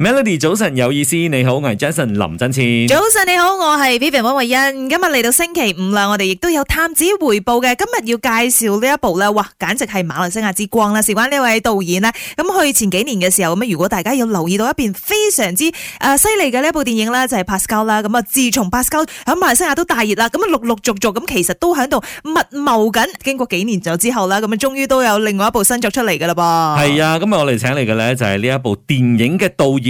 Melody，早晨有意思，你好，我係 Jason 林真千。早晨你好，我係 Vivian 汪慧欣。今日嚟到星期五啦，我哋亦都有探子回報嘅。今日要介紹呢一部咧，哇，簡直係馬來西亞之光啦！事關呢位導演咧，咁去前幾年嘅時候，咁如果大家有留意到一邊非常之誒犀利嘅呢一部電影咧，就係、是《Pascal》啦。咁啊，自從《Pascal》喺馬來西亞都大熱啦，咁啊，陸陸續續咁其實都響度密謀緊。經過幾年咗之後啦，咁啊，終於都有另外一部新作出嚟嘅啦噃。係啊，今日我哋請嚟嘅咧就係呢一部電影嘅導演。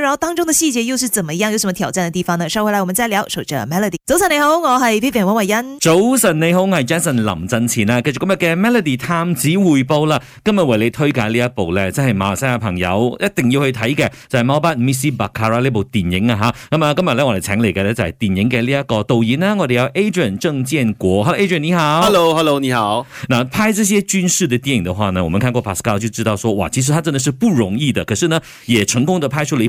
然後當中的細節又是怎麼樣？有什麼挑戰的地方呢？稍後來我們再聊。守着 Melody，早晨你好，我係 Vivian 王慧恩。早晨你好，我係 Jason 林振前啦。繼續今日嘅 Melody 探子回報啦。今日為你推介呢一部咧，即係馬來西亞朋友一定要去睇嘅，就係，是《Malbatt Misi Bakara》呢部電影啊吓。咁啊，今日咧我哋請嚟嘅咧就係電影嘅呢一個導演啦，啊。我哋有 Adrian 鄭建國，Hello，Adrian 你好。Hello，Hello，hello, 你好。嗱，拍這些軍事的電影的話呢，我們看過 Pascal 就知道說，說哇，其實他真的是不容易的。可是呢，也成功地拍出嚟。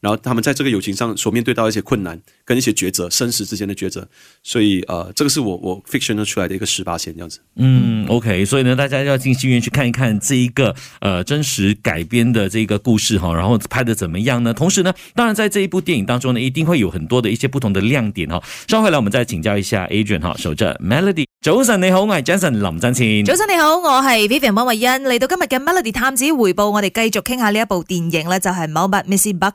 然後他們在這個友情上所面對到一些困難跟一些抉擇，生死之間的抉擇，所以呃，這個是我我 fiction 出來的一個十八線這樣子。嗯，OK，所以呢，大家要進戲院去看一看這一個呃真實改編的這個故事哈，然後拍得怎麼樣呢？同時呢，當然在這一部電影當中呢，一定會有很多的一些不同的亮點哈。稍後來我們再請教一下 Adrian 哈，守着 Melody。早晨你好，我係 Jason 林占青。早晨你好，我係 Vivian 温慧恩。嚟到今日嘅 Melody 探子，回報我哋繼續傾下呢一部電影呢，就係、是《Malbatt Misi Bakara》。